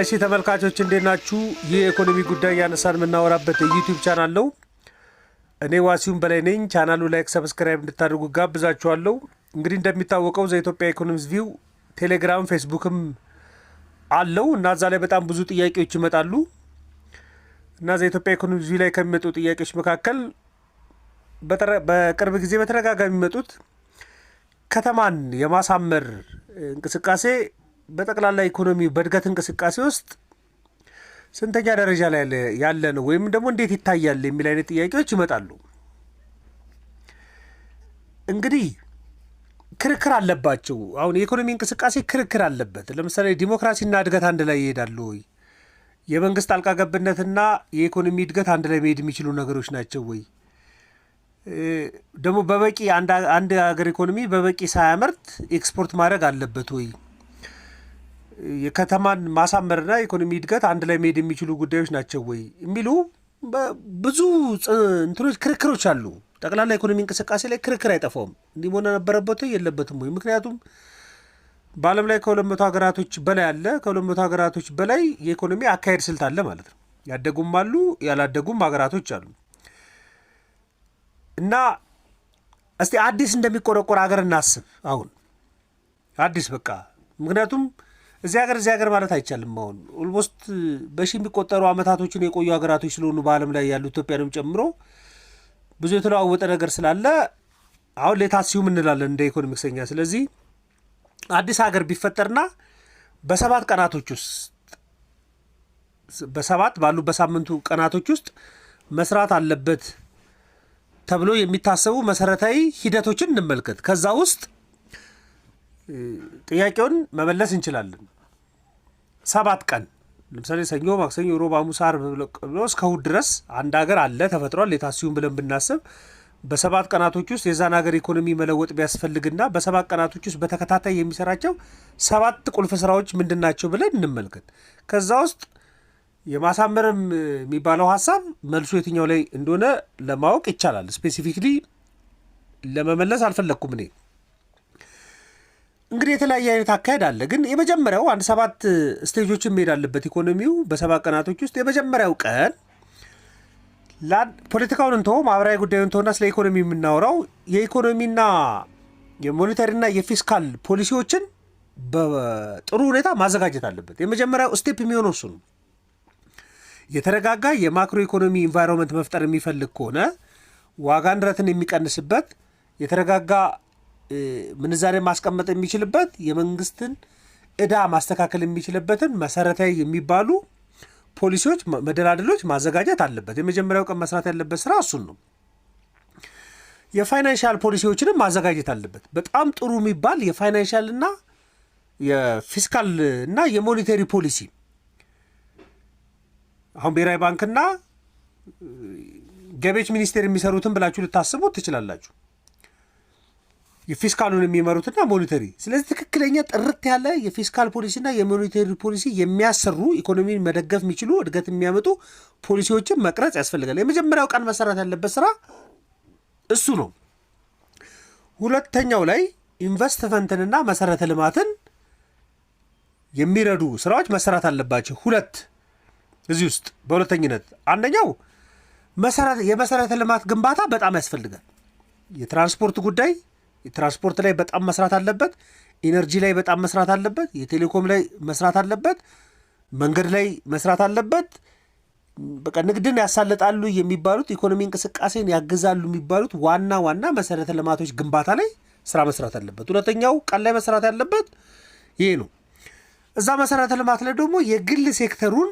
እሺ ተመልካቾች እንዴት ናችሁ? ይህ የኢኮኖሚ ጉዳይ ያነሳን የምናወራበት ዩቲዩብ ቻናል ነው። እኔ ዋሲሁን በላይ ነኝ። ቻናሉ ላይክ፣ ሰብስክራይብ እንድታደርጉ ጋብዛችኋለሁ። እንግዲህ እንደሚታወቀው ዘኢትዮጵያ ኢኮኖሚስት ቪው ቴሌግራም፣ ፌስቡክም አለው እና እዛ ላይ በጣም ብዙ ጥያቄዎች ይመጣሉ እና ዘኢትዮጵያ ኢኮኖሚስት ቪው ላይ ከሚመጡ ጥያቄዎች መካከል በቅርብ ጊዜ በተደጋጋሚ የሚመጡት ከተማን የማሳመር እንቅስቃሴ በጠቅላላ ኢኮኖሚ በእድገት እንቅስቃሴ ውስጥ ስንተኛ ደረጃ ላይ ያለ ነው ወይም ደግሞ እንዴት ይታያል የሚል አይነት ጥያቄዎች ይመጣሉ። እንግዲህ ክርክር አለባቸው። አሁን የኢኮኖሚ እንቅስቃሴ ክርክር አለበት። ለምሳሌ ዲሞክራሲና እድገት አንድ ላይ ይሄዳሉ ወይ? የመንግስት አልቃ ገብነትና የኢኮኖሚ እድገት አንድ ላይ መሄድ የሚችሉ ነገሮች ናቸው ወይ? ደግሞ በበቂ አንድ ሀገር ኢኮኖሚ በበቂ ሳያመርት ኤክስፖርት ማድረግ አለበት ወይ? የከተማን ማሳመርና ኢኮኖሚ እድገት አንድ ላይ መሄድ የሚችሉ ጉዳዮች ናቸው ወይ የሚሉ ብዙ እንትኖች ክርክሮች አሉ። ጠቅላላ ኢኮኖሚ እንቅስቃሴ ላይ ክርክር አይጠፋውም። እንዲህ መሆን ነበረበት የለበትም ወይ? ምክንያቱም በዓለም ላይ ከሁለት መቶ ሀገራቶች በላይ አለ። ከሁለት መቶ ሀገራቶች በላይ የኢኮኖሚ አካሄድ ስልት አለ ማለት ነው። ያደጉም አሉ ያላደጉም ሀገራቶች አሉ። እና እስቲ አዲስ እንደሚቆረቆር ሀገር እናስብ። አሁን አዲስ በቃ ምክንያቱም እዚህ ሀገር እዚህ ሀገር ማለት አይቻልም። አሁን ኦልሞስት በሺ የሚቆጠሩ አመታቶችን የቆዩ ሀገራቶች ስለሆኑ በዓለም ላይ ያሉ ኢትዮጵያንም ጨምሮ ብዙ የተለዋወጠ ነገር ስላለ አሁን ሌታሲዩም እንላለን እንደ ኢኮኖሚክሰኛ። ስለዚህ አዲስ ሀገር ቢፈጠርና በሰባት ቀናቶች ውስጥ በሰባት ባሉ በሳምንቱ ቀናቶች ውስጥ መስራት አለበት ተብሎ የሚታሰቡ መሰረታዊ ሂደቶችን እንመልከት። ከዛ ውስጥ ጥያቄውን መመለስ እንችላለን። ሰባት ቀን ለምሳሌ ሰኞ፣ ማክሰኞ፣ ሮብ፣ ሐሙስ፣ ዓርብ ብሎ እስከ ድረስ አንድ ሀገር አለ ተፈጥሯል የታሲዩም ብለን ብናስብ በሰባት ቀናቶች ውስጥ የዛን ሀገር ኢኮኖሚ መለወጥ ቢያስፈልግና በሰባት ቀናቶች ውስጥ በተከታታይ የሚሰራቸው ሰባት ቁልፍ ስራዎች ምንድን ናቸው ብለን እንመልከት። ከዛ ውስጥ የማሳመርም የሚባለው ሀሳብ መልሱ የትኛው ላይ እንደሆነ ለማወቅ ይቻላል። ስፔሲፊክሊ ለመመለስ አልፈለግኩም እኔ። እንግዲህ የተለያየ አይነት አካሄድ አለ። ግን የመጀመሪያው አንድ ሰባት ስቴጆችን መሄድ አለበት ኢኮኖሚው በሰባት ቀናቶች ውስጥ። የመጀመሪያው ቀን ፖለቲካውን እንተሆ ማህበራዊ ጉዳዩን እንተሆና ስለ ኢኮኖሚ የምናወራው የኢኮኖሚና የሞኔተሪና የፊስካል ፖሊሲዎችን በጥሩ ሁኔታ ማዘጋጀት አለበት። የመጀመሪያው ስቴፕ የሚሆነው እሱ ነው። የተረጋጋ የማክሮ ኢኮኖሚ ኢንቫይሮንመንት መፍጠር የሚፈልግ ከሆነ ዋጋ ንረትን የሚቀንስበት የተረጋጋ ምንዛሬ ማስቀመጥ የሚችልበት የመንግስትን እዳ ማስተካከል የሚችልበትን መሰረታዊ የሚባሉ ፖሊሲዎች፣ መደላደሎች ማዘጋጀት አለበት። የመጀመሪያው ቀን መስራት ያለበት ስራ እሱን ነው። የፋይናንሻል ፖሊሲዎችንም ማዘጋጀት አለበት። በጣም ጥሩ የሚባል የፋይናንሻል እና የፊስካል እና የሞኔተሪ ፖሊሲ አሁን ብሔራዊ ባንክና ገቢዎች ሚኒስቴር የሚሰሩትን ብላችሁ ልታስቡት ትችላላችሁ። የፊስካሉን የሚመሩትና ሞኒተሪ። ስለዚህ ትክክለኛ ጥርት ያለ የፊስካል ፖሊሲና የሞኒተሪ ፖሊሲ የሚያሰሩ ኢኮኖሚን መደገፍ የሚችሉ እድገት የሚያመጡ ፖሊሲዎችን መቅረጽ ያስፈልጋል። የመጀመሪያው ቀን መሰራት ያለበት ስራ እሱ ነው። ሁለተኛው ላይ ኢንቨስትመንትንና መሰረተ ልማትን የሚረዱ ስራዎች መሰራት አለባቸው። ሁለት እዚህ ውስጥ በሁለተኝነት አንደኛው የመሰረተ ልማት ግንባታ በጣም ያስፈልጋል። የትራንስፖርት ጉዳይ የትራንስፖርት ላይ በጣም መስራት አለበት። ኢነርጂ ላይ በጣም መስራት አለበት። የቴሌኮም ላይ መስራት አለበት። መንገድ ላይ መስራት አለበት። በቃ ንግድን ያሳለጣሉ የሚባሉት ኢኮኖሚ እንቅስቃሴን ያግዛሉ የሚባሉት ዋና ዋና መሰረተ ልማቶች ግንባታ ላይ ስራ መስራት አለበት። ሁለተኛው ቀን ላይ መስራት ያለበት ይሄ ነው። እዛ መሰረተ ልማት ላይ ደግሞ የግል ሴክተሩን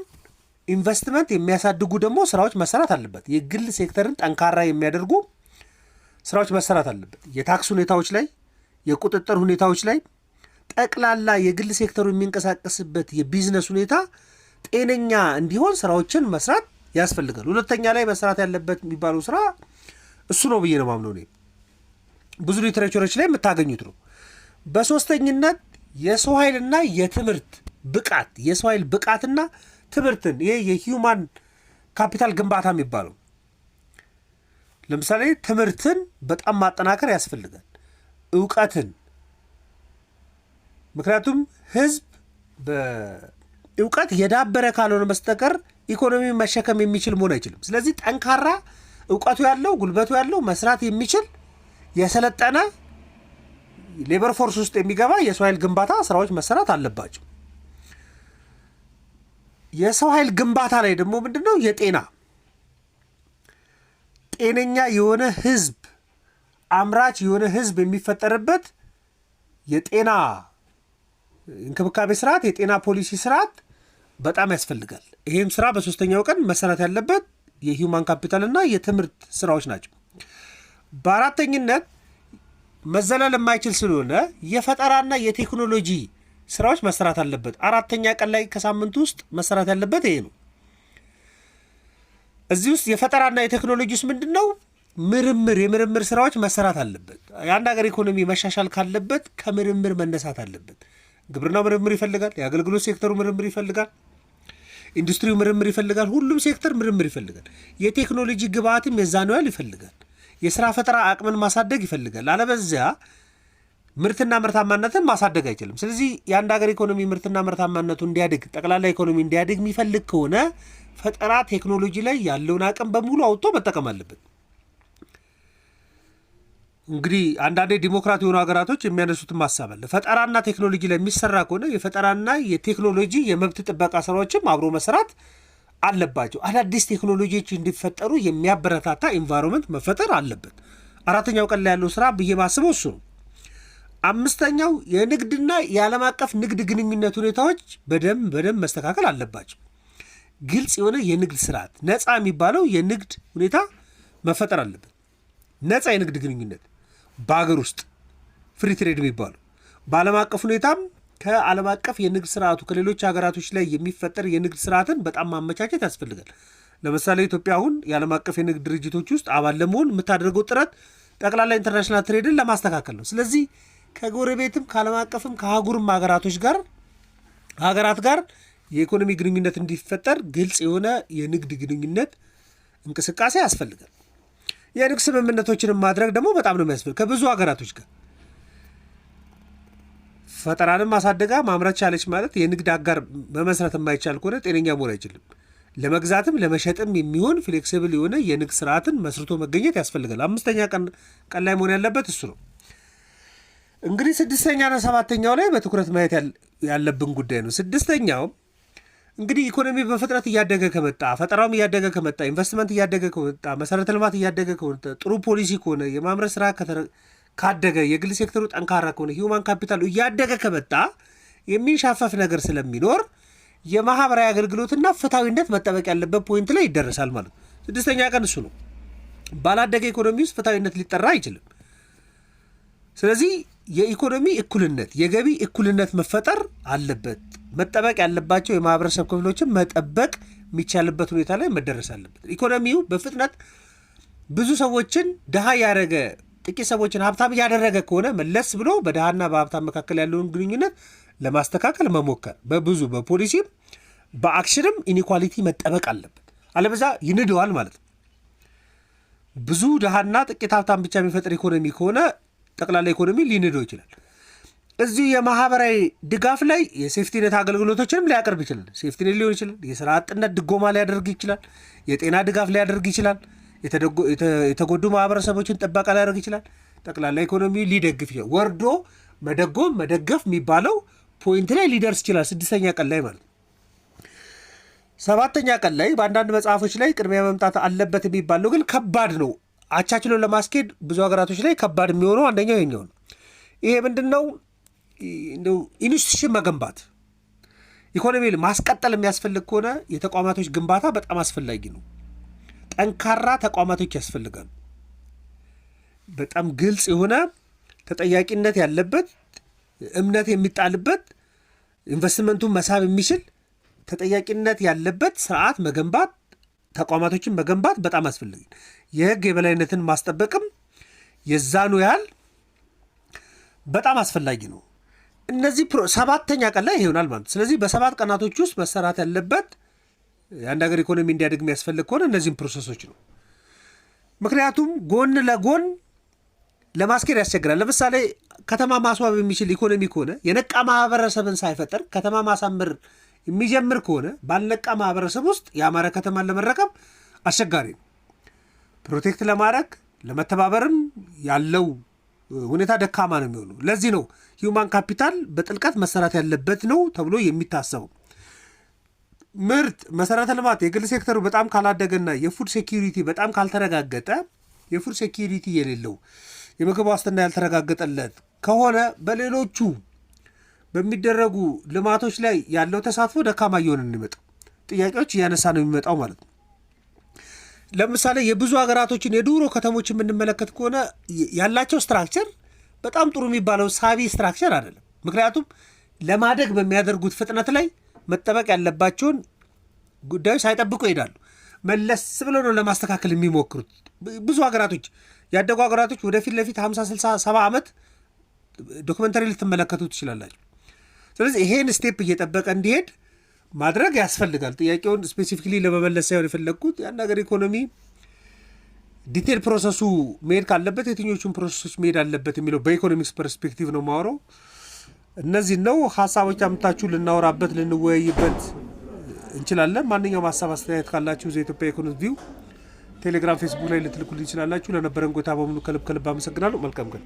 ኢንቨስትመንት የሚያሳድጉ ደግሞ ስራዎች መሰራት አለበት። የግል ሴክተርን ጠንካራ የሚያደርጉ ስራዎች መሰራት አለበት። የታክስ ሁኔታዎች ላይ፣ የቁጥጥር ሁኔታዎች ላይ ጠቅላላ የግል ሴክተሩ የሚንቀሳቀስበት የቢዝነስ ሁኔታ ጤነኛ እንዲሆን ስራዎችን መስራት ያስፈልጋል። ሁለተኛ ላይ መስራት ያለበት የሚባለው ስራ እሱ ነው ብዬ ነው ማምነው። እኔ ብዙ ሊትሬቸሮች ላይ የምታገኙት ነው። በሶስተኝነት የሰው ኃይልና የትምህርት ብቃት የሰው ኃይል ብቃትና ትምህርትን ይሄ የሂውማን ካፒታል ግንባታ የሚባለው ለምሳሌ ትምህርትን በጣም ማጠናከር ያስፈልጋል፣ እውቀትን። ምክንያቱም ህዝብ እውቀት የዳበረ ካልሆነ መስጠቀር ኢኮኖሚ መሸከም የሚችል መሆን አይችልም። ስለዚህ ጠንካራ እውቀቱ ያለው ጉልበቱ ያለው መስራት የሚችል የሰለጠነ ሌበር ፎርስ ውስጥ የሚገባ የሰው ኃይል ግንባታ ስራዎች መሰራት አለባቸው። የሰው ኃይል ግንባታ ላይ ደግሞ ምንድን ነው የጤና ጤነኛ የሆነ ህዝብ አምራች የሆነ ህዝብ የሚፈጠርበት የጤና እንክብካቤ ስርዓት፣ የጤና ፖሊሲ ስርዓት በጣም ያስፈልጋል። ይህም ስራ በሶስተኛው ቀን መሰረት ያለበት የሂውማን ካፒታል እና የትምህርት ስራዎች ናቸው። በአራተኝነት መዘለል የማይችል ስለሆነ የፈጠራና የቴክኖሎጂ ስራዎች መሰራት አለበት። አራተኛ ቀን ላይ ከሳምንት ውስጥ መሰራት ያለበት ይሄ ነው። እዚህ ውስጥ የፈጠራና የቴክኖሎጂ ውስጥ ምንድን ነው? ምርምር፣ የምርምር ስራዎች መሰራት አለበት። የአንድ ሀገር ኢኮኖሚ መሻሻል ካለበት ከምርምር መነሳት አለበት። ግብርናው ምርምር ይፈልጋል። የአገልግሎት ሴክተሩ ምርምር ይፈልጋል። ኢንዱስትሪው ምርምር ይፈልጋል። ሁሉም ሴክተር ምርምር ይፈልጋል። የቴክኖሎጂ ግብአትም የዛን ያህል ይፈልጋል። የስራ ፈጠራ አቅምን ማሳደግ ይፈልጋል። አለበዚያ ምርትና ምርታማነትን ማሳደግ አይችልም። ስለዚህ የአንድ ሀገር ኢኮኖሚ ምርትና ምርታማነቱ እንዲያድግ፣ ጠቅላላ ኢኮኖሚ እንዲያድግ የሚፈልግ ከሆነ ፈጠራ፣ ቴክኖሎጂ ላይ ያለውን አቅም በሙሉ አውጥቶ መጠቀም አለበት። እንግዲህ አንዳንዴ ዲሞክራት የሆኑ ሀገራቶች የሚያነሱትም ሀሳብ አለ። ፈጠራና ቴክኖሎጂ ላይ የሚሰራ ከሆነ የፈጠራና የቴክኖሎጂ የመብት ጥበቃ ስራዎችም አብሮ መስራት አለባቸው። አዳዲስ ቴክኖሎጂዎች እንዲፈጠሩ የሚያበረታታ ኢንቫይሮንመንት መፈጠር አለበት። አራተኛው ቀን ላይ ያለው ስራ ብዬ ማስበው እሱ ነው። አምስተኛው የንግድና የዓለም አቀፍ ንግድ ግንኙነት ሁኔታዎች በደንብ በደንብ መስተካከል አለባቸው። ግልጽ የሆነ የንግድ ስርዓት፣ ነፃ የሚባለው የንግድ ሁኔታ መፈጠር አለበት። ነፃ የንግድ ግንኙነት በሀገር ውስጥ ፍሪ ትሬድ የሚባሉ በዓለም አቀፍ ሁኔታም ከዓለም አቀፍ የንግድ ስርዓቱ ከሌሎች ሀገራቶች ላይ የሚፈጠር የንግድ ስርዓትን በጣም ማመቻቸት ያስፈልጋል። ለምሳሌ ኢትዮጵያ አሁን የዓለም አቀፍ የንግድ ድርጅቶች ውስጥ አባል ለመሆን የምታደርገው ጥረት ጠቅላላ ኢንተርናሽናል ትሬድን ለማስተካከል ነው። ስለዚህ ከጎረቤትም ከዓለም አቀፍም ከአህጉርም ሀገራቶች ጋር ሀገራት ጋር የኢኮኖሚ ግንኙነት እንዲፈጠር ግልጽ የሆነ የንግድ ግንኙነት እንቅስቃሴ ያስፈልጋል። የንግድ ስምምነቶችንም ማድረግ ደግሞ በጣም ነው የሚያስፈልግ ከብዙ ሀገራቶች ጋር ፈጠራንም ማሳደጋ ማምረት ቻለች ማለት የንግድ አጋር መመስረት የማይቻል ከሆነ ጤነኛ መሆን አይችልም። ለመግዛትም ለመሸጥም የሚሆን ፍሌክሲብል የሆነ የንግድ ስርዓትን መስርቶ መገኘት ያስፈልጋል። አምስተኛ ቀን ላይ መሆን ያለበት እሱ ነው። እንግዲህ ስድስተኛና ሰባተኛው ላይ በትኩረት ማየት ያለብን ጉዳይ ነው። ስድስተኛው እንግዲህ ኢኮኖሚ በፍጥነት እያደገ ከመጣ ፈጠራውም እያደገ ከመጣ ኢንቨስትመንት እያደገ ከመጣ መሰረተ ልማት እያደገ ከመጣ ጥሩ ፖሊሲ ከሆነ የማምረት ስራ ካደገ የግል ሴክተሩ ጠንካራ ከሆነ ሂውማን ካፒታሉ እያደገ ከመጣ የሚንሻፈፍ ነገር ስለሚኖር የማህበራዊ አገልግሎትና ፍትሐዊነት መጠበቅ ያለበት ፖይንት ላይ ይደረሳል ማለት ነው። ስድስተኛ ቀን እሱ ነው። ባላደገ ኢኮኖሚ ውስጥ ፍትሐዊነት ሊጠራ አይችልም። ስለዚህ የኢኮኖሚ እኩልነት፣ የገቢ እኩልነት መፈጠር አለበት። መጠበቅ ያለባቸው የማህበረሰብ ክፍሎችን መጠበቅ የሚቻልበት ሁኔታ ላይ መደረስ አለበት። ኢኮኖሚው በፍጥነት ብዙ ሰዎችን ድሃ ያደረገ ጥቂት ሰዎችን ሀብታም እያደረገ ከሆነ መለስ ብሎ በድሃና በሀብታም መካከል ያለውን ግንኙነት ለማስተካከል መሞከር በብዙ በፖሊሲም በአክሽንም ኢኒኳሊቲ መጠበቅ አለበት። አለበዛ ይንደዋል ማለት ነው። ብዙ ድሃና ጥቂት ሀብታም ብቻ የሚፈጥር ኢኮኖሚ ከሆነ ጠቅላላ ኢኮኖሚ ሊንዶ ይችላል። እዚህ የማህበራዊ ድጋፍ ላይ የሴፍቲነት አገልግሎቶችንም ሊያቀርብ ይችላል። ሴፍቲኔት ሊሆን ይችላል። የስራ አጥነት ድጎማ ሊያደርግ ይችላል። የጤና ድጋፍ ሊያደርግ ይችላል። የተጎዱ ማህበረሰቦችን ጥበቃ ሊያደርግ ይችላል። ጠቅላላ ኢኮኖሚ ሊደግፍ ይችላል። ወርዶ መደጎም መደገፍ የሚባለው ፖይንት ላይ ሊደርስ ይችላል። ስድስተኛ ቀን ላይ ማለት ነው። ሰባተኛ ቀን ላይ በአንዳንድ መጽሐፎች ላይ ቅድሚያ መምጣት አለበት የሚባለው ግን ከባድ ነው። አቻችሎ ለማስኬድ ብዙ ሀገራቶች ላይ ከባድ የሚሆነው አንደኛው ይሄኛው ነው። ይሄ ምንድን ነው? ኢንስቲቱሽን መገንባት ኢኮኖሚ ማስቀጠል የሚያስፈልግ ከሆነ የተቋማቶች ግንባታ በጣም አስፈላጊ ነው። ጠንካራ ተቋማቶች ያስፈልጋሉ። በጣም ግልጽ የሆነ ተጠያቂነት ያለበት እምነት የሚጣልበት ኢንቨስትመንቱን መሳብ የሚችል ተጠያቂነት ያለበት ስርዓት መገንባት ተቋማቶችን መገንባት በጣም አስፈላጊ፣ የህግ የበላይነትን ማስጠበቅም የዛኑ ያህል በጣም አስፈላጊ ነው። እነዚህ ሰባተኛ ቀን ላይ ይሆናል ማለት ስለዚህ በሰባት ቀናቶች ውስጥ መሰራት ያለበት የአንድ ሀገር ኢኮኖሚ እንዲያድግ የሚያስፈልግ ከሆነ እነዚህም ፕሮሰሶች ነው። ምክንያቱም ጎን ለጎን ለማስኬድ ያስቸግራል። ለምሳሌ ከተማ ማስዋብ የሚችል ኢኮኖሚ ከሆነ የነቃ ማህበረሰብን ሳይፈጠር ከተማ ማሳምር የሚጀምር ከሆነ ባልነቃ ማህበረሰብ ውስጥ የአማራ ከተማን ለመረከብ አስቸጋሪ ነው። ፕሮቴክት ለማድረግ ለመተባበርም ያለው ሁኔታ ደካማ ነው የሚሆኑ። ለዚህ ነው ሂውማን ካፒታል በጥልቀት መሰራት ያለበት ነው ተብሎ የሚታሰበው። ምርት፣ መሰረተ ልማት፣ የግል ሴክተሩ በጣም ካላደገና የፉድ ሴኪሪቲ በጣም ካልተረጋገጠ የፉድ ሴኪሪቲ የሌለው የምግብ ዋስትና ያልተረጋገጠለት ከሆነ በሌሎቹ በሚደረጉ ልማቶች ላይ ያለው ተሳትፎ ደካማ እየሆነ እንመጣ ጥያቄዎች እያነሳ ነው የሚመጣው ማለት ነው። ለምሳሌ የብዙ ሀገራቶችን የድሮ ከተሞች የምንመለከት ከሆነ ያላቸው ስትራክቸር በጣም ጥሩ የሚባለው ሳቢ ስትራክቸር አይደለም። ምክንያቱም ለማደግ በሚያደርጉት ፍጥነት ላይ መጠበቅ ያለባቸውን ጉዳዮች ሳይጠብቁ ይሄዳሉ። መለስ ብለው ነው ለማስተካከል የሚሞክሩት። ብዙ ሀገራቶች ያደጉ ሀገራቶች ወደፊት ለፊት 50፣ 60፣ ሰባ ዓመት ዶክመንተሪ ልትመለከቱ ትችላላችሁ። ስለዚህ ይሄን ስቴፕ እየጠበቀ እንዲሄድ ማድረግ ያስፈልጋል። ጥያቄውን ስፔሲፊክሊ ለመመለስ ሳይሆን የፈለግኩት ያን ሀገር ኢኮኖሚ ዲቴል ፕሮሰሱ መሄድ ካለበት የትኞቹን ፕሮሰሶች መሄድ አለበት የሚለው በኢኮኖሚክስ ፐርስፔክቲቭ ነው ማውረው። እነዚህ ነው ሀሳቦች አምታችሁ ልናወራበት ልንወያይበት እንችላለን። ማንኛውም ሀሳብ አስተያየት ካላችሁ ዘኢትዮጵያ ኢኮኖሚ ቪው ቴሌግራም፣ ፌስቡክ ላይ ልትልኩልን ይችላላችሁ። ለነበረን ጎታ በሙሉ ከልብ ከልብ አመሰግናለሁ። መልካም ቀን።